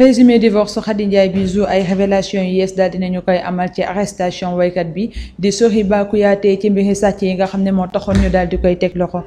présumé divorce Khady Ndiaye Bisou ay révélation yu yees daal dinañu koy amal ci arrestation waykat bi di Sohiba Kouyaté ci mbiri sàcc yi nga xam ne moo taxoon ñu daal di koy teg loxo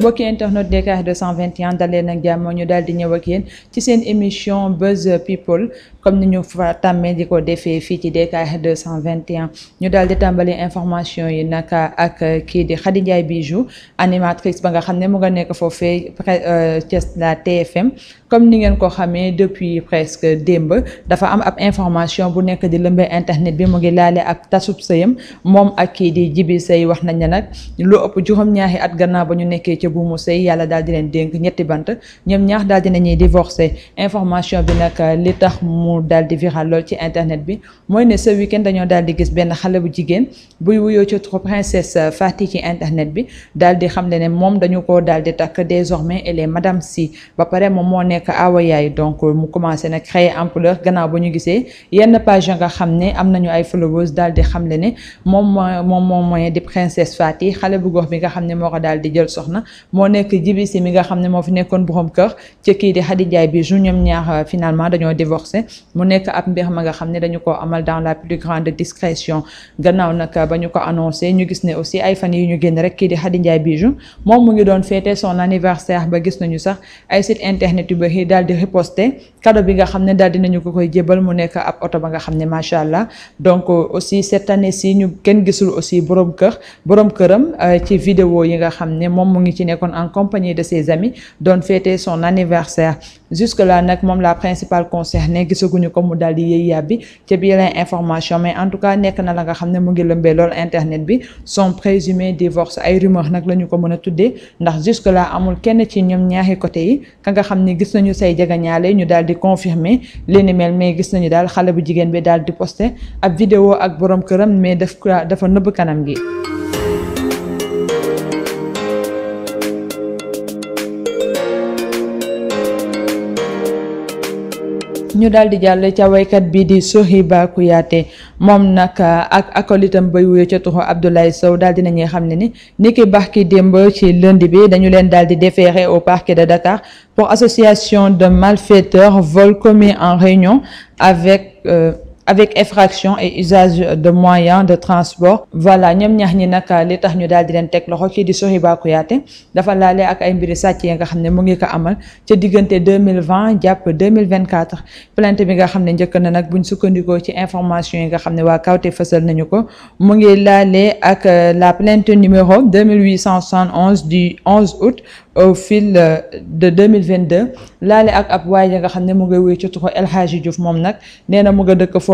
mbokki internet Dakar 221 dalee nag jàmm ñu daal di ñëw ak yéen ci seen émission Buzz People comme ni ñu fa tàmmee di ko defee fii ci DKR 221 ñu daal di tàmbali information yi naka ak kii di Khady bi Bijou animatrice ba nga xam ne mu nga nekk foofee euh, ca la TFM comme ni ngeen ko xamee depuis presque démb dafa am ab information bu nekk di lëmbee internet bi mu ngi laale ab tasub sëyam moom ak kii di jibi sëy wax nañ ne nag lu ëpp juróom-ñaari at gannaaw ba ñu nekkee ca buumu sëy yàlla daal di leen dénk ñetti bant ñoom mu daal di viral lool ci internet bi mooy ne ce week dañoo daal di gis benn xale bu jigéen buy wuyoo ci trop princesse euh, Fati ci internet bi daal di xam ne ne moom dañu ko daal di takk désormais elle est madame si ba pare moom moo nekk awa yaay donc mu commencé nag créer ampleur gannaaw ba ñu gisee yenn page nga xam ne am nañu ay followers daal di xam ne ne moom moo moom moom mooy di princesse Fati xale bu gox bi nga xam ne moo ko daal di jël soxna moo nekk jibi mi nga xam ne moo fi nekkoon borom kër ci kii di Khady bi ju ñoom euh, finalement dañoo divorcé mu nekk ab mbir ma nga xam ne dañu ko amal dans la plus grande discrétion gannaaw nag ba ñu ko annoncé ñu gis ne aussi ay fan yi ñu génn rek kii di Khady Ndiaye Bijou moom mu ngi doon fêter son anniversaire ba gis nañu sax ay internet yu bëri daal di riposter cadeau bi nga xam ne daal dinañu ko koy jébal mu nekk ab oto ba nga xam ne macha allah donc aussi cette année ci ñu kenn gisul aussi borom kër borom këram euh, ci vidéo yi nga xam ne moom mu ngi ci nekkoon en compagnie de ses amis doon fêter son anniversaire jusque laa nag moom la principale ne gisaguñu ko mu daal di yëy yàbbi ca bi yeneen information mais en tout cas nekk na la nga xam ne mu ngi lëmbee lool internet bi son présumé divorce ay rumeur nag la ñu ko mën a tuddee ndax jusque laa amul kenn ci ñoom ñaari côté yi ka nga xam ne gis nañu say jegeñaale ñu daal di confirmer li ni mel mais gis nañu daal xale bu jigéen bi daal di posté ab vidéo ak boroom këram mais def daf dafa nëbb kanam gi ñu daal di jàll ca waykat bi di Sohiba Kouyaté moom nag ah, ak acolitam bay wuyo ca tuxu Abdoulaye Sow daal dina ñuy xam ne ni niki baax ki démb ci lundi bi dañu leen daal di déférer au parquet de Dakar pour association de malfaiteurs vol commis en réunion avec euh, avec effraction et usage de moyens de transport voilà ñoom ñax ñi nag euh, li tax ñu daal di leen teg loxo kii di Sohibou Kouyaté dafa laale ak ay mbiri sàcc yi nga xam ne mu ngi ko amal ca diggante 2020 jàpp 2024 plainte bi nga xam ne njëkk na nag buñ sukkandikoo ci information yi nga xam ne waa kawte fësal nañu ko mu ngi laale ak euh, la plainte numéro 2871 du 11 août au fil euh, de 2022 laale ak ab waay yi nga xam ne mu ngi wuy ci tuxu El Hadji moom nag nee na mu nga dëkk foofu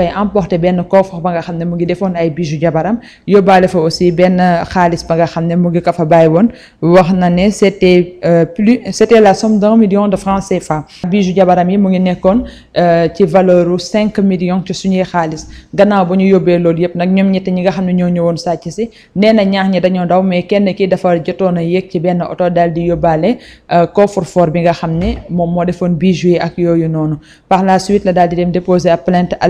fay emporter benn coffre ba nga xam ne mu ngi defoon ay bijoux jabaram yóbbaale fa aussi benn xaalis ba nga xam ne mu ngi ko fa bàyyi woon wax na ne c'était euh, plus c'était la somme d'un million de francs CFA bijoux jabaram yi mu ngi nekkoon euh, ci valeur u cinq millions ci suñuy xaalis gannaaw ba ñu yóbbee loolu yëpp nag ñoom ñett ñi nga xam ne ñoo ñëwoon sàcc si nee na ñaar ñi dañoo daw mais kenn ki dafa jotoon a yéeg ci benn oto daal di yóbbaale euh, coffre fort bi nga xam ne moom moo defoon bijoux yi ak yooyu noonu par la suite la daal di dem déposer ab plainte à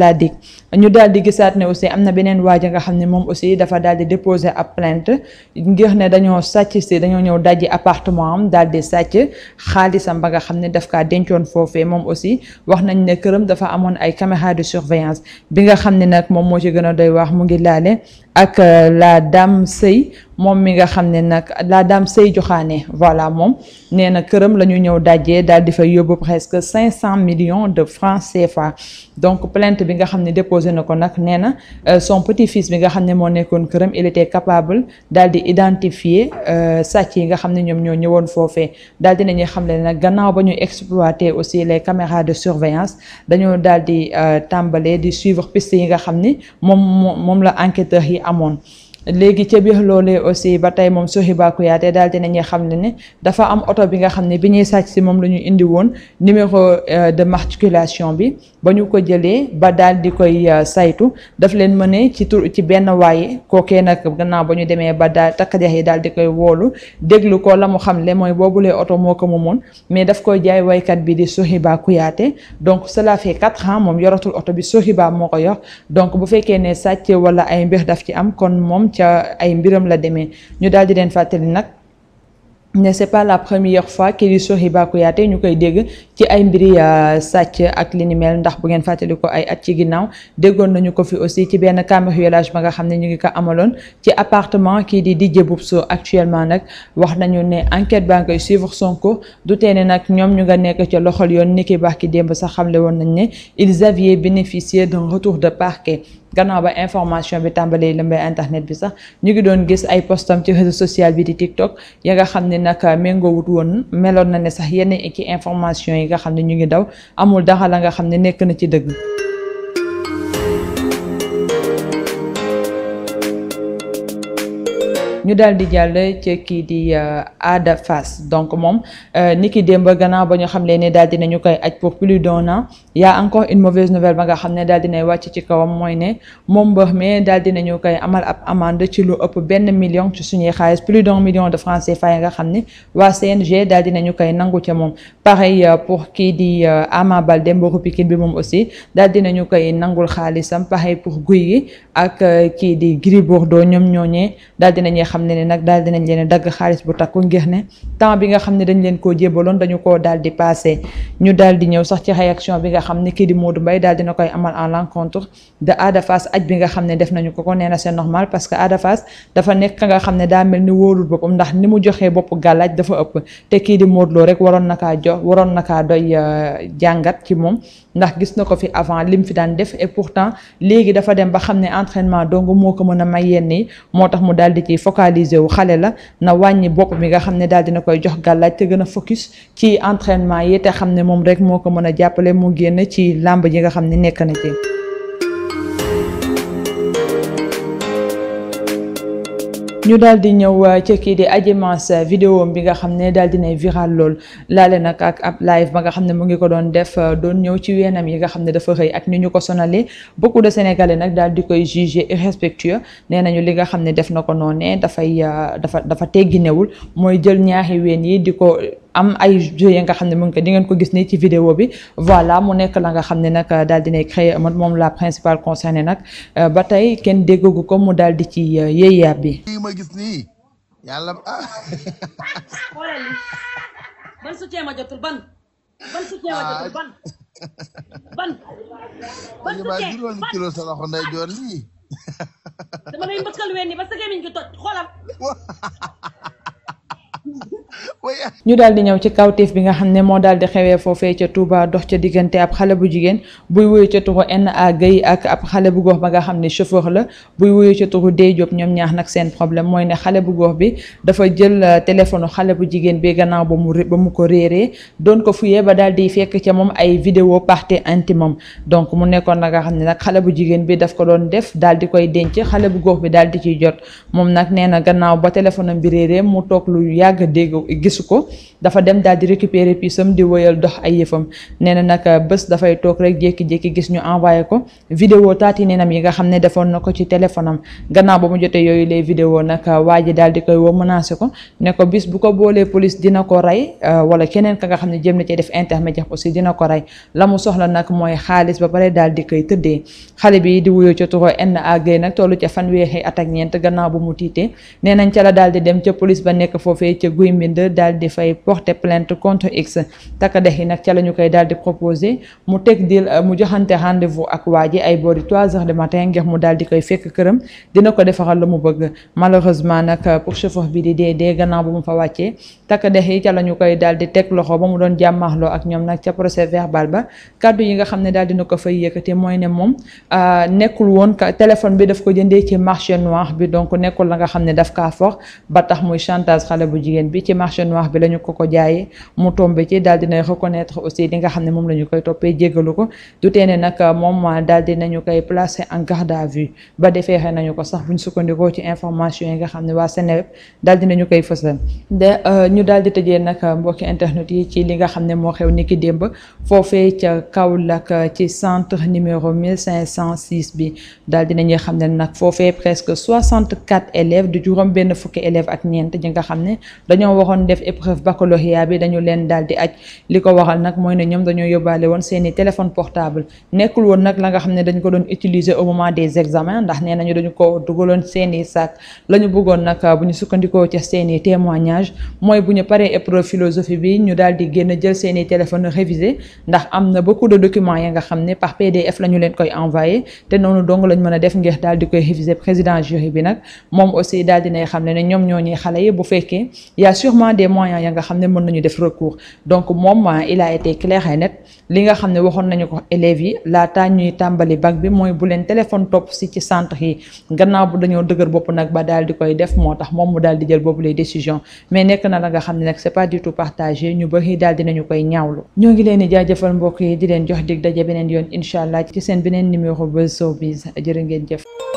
ñu daal di gisaat ne aussi am na beneen waaja nga xam ne moom aussi dafa daal di déposer ab plainte ngir ne dañoo sàcc si dañoo ñëw dajji appartement am daal di sàcc xaalisam ba nga xam ne daf kaa dencoon foofee moom aussi wax nañ ne këram dafa amoon ay caméra de surveillance bi nga xam ne nag moom moo ci gën a doy wax mu ngi laale ak euh, la dame sëy moom mi nga xam ne nag la dame Sey Joxaane voilà moom nee na këram la ñu ñëw dajee daal di fa yóbbu presque cinq cent millions de francs CFA donc plainte bi nga xam ne déposé na ko nag nee na euh, son petit fils bi nga xam ne moo nekkoon këram il était capable daal di identifier euh, sàcc yi nga xam ne ñoom ñoo ñëwoon foofee daal di nañuy xam ne nag gannaaw ba ñu exploiter aussi les caméras de surveillance dañoo daal di euh, tàmbalee di suivre piste yi nga xam ni moom moom la enquêteurs yi amoon léegi ca biir loolee aussi ba tey moom Sohiba Kouyaté daal dinañuy xam ne ne dafa am oto bi nga xam ne bi ñuy sàcc si moom la indi woon numéro euh, de matriculation bi ba ñu ko jëlee ba daal di koy euh, saytu daf leen mëne ci tur ci benn waaye kooke nag gannaaw ba ñu demee ba daal takk yi daal di koy woolu déglu ko la mu xam le mooy boobulee oto moo ko moomoon mais daf koy jaay waykat bi di Sohiba Kouyaté donc cela fait quatre ans moom yoratul oto bi Sohiba moo ko yor donc bu fekkee ne sàcc wala ay mbir daf ci am kon moom ca ay mbiram la demee ñu daal di leen fàttali nag ne c'est pas la première fois Keliso Hiba Kouyaté ñu koy dégg ci ay mbiri euh, sàcc ak li ndax bu ngeen fàttali ko ay at ci ginnaaw déggoon nañu ko fi aussi ci benn cambriolage ba nga xam ne ñu ngi ko amaloon ci appartement kii di Didier Boubso actuellement nag wax nañu ne enquête baa ngay suivre Sonko du teene nag ñoom ñu nga nekk ca loxol yoon ni ki baax ki démb sax xamle woon nañ ne ils avaient bénéficié d'un retour de parquet gannaaw ba information bi tàmbalee lëmbee internet bi sax ñu ngi doon gis ay postam ci réseau social bi di TikTok ya nga xam ne nag méngoowut woon meloon na ne sax yenn ci information yi nga xam ne ñu ngi daw amul dara la nga xam ne nekk na ci dëgg ñu daal di jàll ci kii di euh, Ada Fass donc moom euh, ni ki démb gannaaw ba ñu xam leen ni daal di nañu koy aj pour plus d'un an y a encore une mauvaise nouvelle ba nga xam ne daal di nay wàcc ci kawam mooy ne moom mbër mi daal di nañu koy amal ab amende ci lu ëpp benn million ci suñuy xaalis plus don million de francs CFA yi nga xam ne waa CNG daal di nañu koy nangu ca moom pareil euh, pour kii di Ama Baldé mbëru Pikine bi moom aussi daal di nañu koy nangul xaalisam pareil pour Gouye Gui ak kii di Gris xam ne ne nag daal dinañ leen dagg xaalis bu takku ngir ne temps bi nga xam ne dañ leen koo jébaloon dañu koo daal di passé ñu daal di ñëw sax ci réaction bi nga xam ne kii di Modou Mbaye daal dina koy amal en l'encontre de Ada bi nga xam ne def nañu ko ko nee na c'est normal parce que Ada Fass dafa nekk nga xam ne daa mel ni wóolul boppam ndax ni mu joxee bopp gàllaaj dafa ëpp te kii di Modou Lo rek waroon na kaa jox waroon na kaa doy euh, jàngat ci moom ndax gis na ko fi avant lim fi daan def et pourtant léegi dafa dem ba xam ne entraînement dong moo ko mën a may yenn focaliser wu xale la na wàññi bopp bi nga xam ne daal dina koy jox gàllaaj te gën focus ci entraînement yi te xam ne moom rek moo ko mën a jàppale mu génn ci làmb ji nga xam ne nekk na ci ñu daal di ñëw euh, ca kii di euh, bi nga xam ne daal di nay viral lool laale nag ak ab live ba nga xam ne mu ngi ko doon def euh, doon ñëw ci weenam yi nga xam ne dafa xëy ak ni ñu ko sonalee beaucoup de sénégalais nag daal di koy jugé irrespectueux nee ñu li nga xam ne def na ko noonee dafay dafa dafa tegginewul mooy jël ñaari ween yi di ko am ay jeux nga xam ne mu ngi ko di ngeen ko gis nii ci vidéo bi voilà mu nekk la nga xam ne dal euh, daal dinay créé moom laa principale concernée nag euh, ba tey kenn déggagu ko mu daal di ci euh, yéeyaab bi ma gis nii yàlla ah ban soutien ma jotul ban ban soutien ma jotul ban ban ban soutien juróomi kilo sa loxo ndey joor lii ñu daal di ñëw ci kawteef bi nga xam ne moo daal di xewee foofee ca Touba dox ca diggante ab xale bu jigéen buy wuyu ca turu na Guèye ak ab xale bu góor ba nga xam ne chauffeur la buy wuyu ca turu Dey ñoom ñaax nag seen problème mooy ne xale bu góor bi dafa jël euh, téléphone xale bu jigéen bi gannaaw ba mu ba mu ko réeree doon ko fuyee ba daal di fekk ca moom ay vidéo partie intime donc mu nekkoon na nga xam ne nag xale bu jigéen bi daf ko doon def daal di koy denc xale bu góor bi daal di ciy jot moom nag nee na gannaaw ba téléphone am bi réeree mu toog lu yàgg gisu ko dafa dem daal di récupérer pisam di woyal dox ay yëfam nee na nag dafay toog rek jékki-jékki gis ñu envoyé ko vidéo taati neenam yi nga xam ne defoon na ci téléphone gannaaw ba mu jotee yooyu les vidéo nag waa ji daal di koy woo menacé ko ne ko bis bu ko boolee police dina ko rey euh, wala keneen ka nga xam ne jëm na cee def intermédiaire aussi dina ko rey la mu soxla nag mooy xaalis ba pare daal di koy tëddee xale bi di wuyoo ca turo na gay daal di fay porter plainte contre X takk dex yi nag ca la ñu koy daal di proposer mu teg dil euh, mu joxante rendez-vous ak waa ji ay boori trois heures de matin ngir mu daal di koy fekk këram dina ko defaral la mu bëgg malheureusement nag euh, pour chauffeur bi di dee dee gannaaw bu mu fa wàccee takk dex yi ca la koy daal di teg loxo ba mu doon jàmmaaxloo ak ñoom nag ca procès verbal ba kàddu yi nga xam ne daal dina ko fay yëkkati mooy ne moom euh, nekkul woon téléphone bi daf ko jëndee ci marché noir bi donc nekkul la nga xam ne daf kaa fox ba tax muy chantage xale bu jigéen bi ci marché noir bi la ñu ko ko jaayee mu tombé ci daal dinay reconnaître aussi li nga xam ne moom la ñu koy toppee jéggalu ko du tee ne nag euh, moom daal dinañu koy placer en garde à vue ba defeexee nañu ko sax buñ sukkandikoo ci information yi nga xam ne waa Seneweb daal dinañu koy fësal euh, ñu daal di tëjee nag mbokki internet yi ci li nga xam ne moo xew niki démb foofee ca Kaolack euh, ci centre numéro 1506 bi daal di nañuy xam ne nag foofee presque 64 élèves di juróom benn fukki élèves ak ñeent ji nga xam ne dañoo waxoon def épreuve baccalauréat bi dañu leen daal di aj li ko waral nag mooy ne ñoom dañoo yóbbaale woon seen i téléphone portable nekkul woon nag la nga xam ne dañ ko doon utiliser au moment des examens ndax nee nañu dañu ko dugaloon seen i la ñu bëggoon nag euh, bu ñu sukkandikoo ca seen i bu ñu paree épreuve philosophie bi ñu daal di génn jël seeni téléphone révisé ndax am na beaucoup de documents ya nga xam ne par PDF la ñu leen koy envoyé te noonu dong lañ mën a def ngir daal di koy révisé président jury bi nag moom aussi daal di nay xam ne ne ñoom ñoo ñuy xale yi bu fekkee y a sûrement des ya nga xam ne mën nañu def recours donc moom ah, il a été clair et li nga xam ne waxoon nañu ko élèves yi laata ñuy tàmbali bac bi mooy bu leen téléphone topp si ci centre yi gannaaw bu dañoo dëgër bopp nag ba daal di koy def moo tax moom mu daal di jël xam ne nag c'est pas du tout partagé ñu bëri daal dinañu koy ñaawlu ñoo ngi leen di jaajëfal mbokk yi di leen jox dig daje beneen yoon incha allah ci seen beneen numéro Buzz Showbiz jërë ngeen jëf